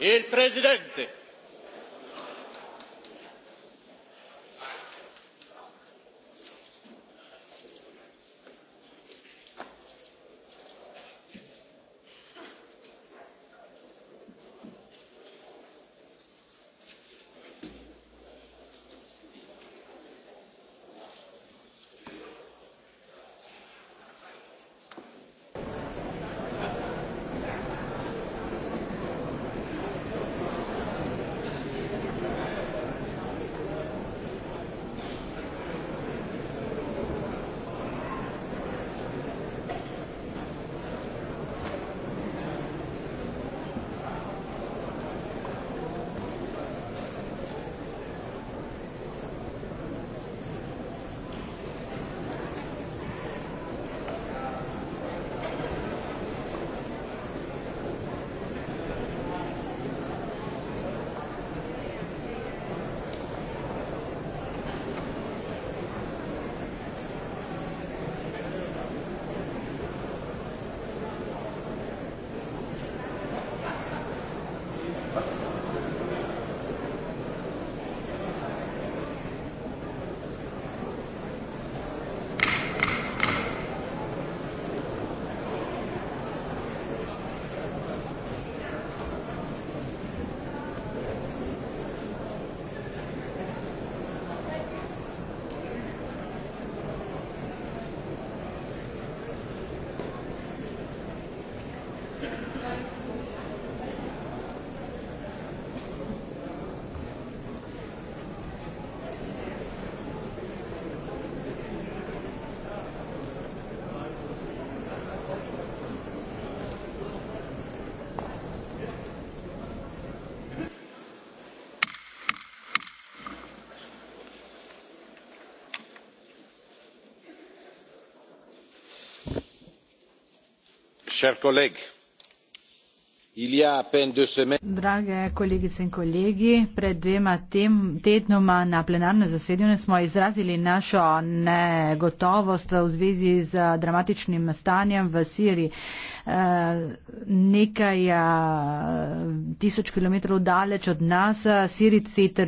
il presidente. drage kolegice in kolegi pred dvema tednoma na plenarnem zasedanju smo izrazili našo negotovost v zvezi z dramatičnim stanjem v siriji eh, nekaj eh, tisoč kilometrov daleč od nas sirici trpijo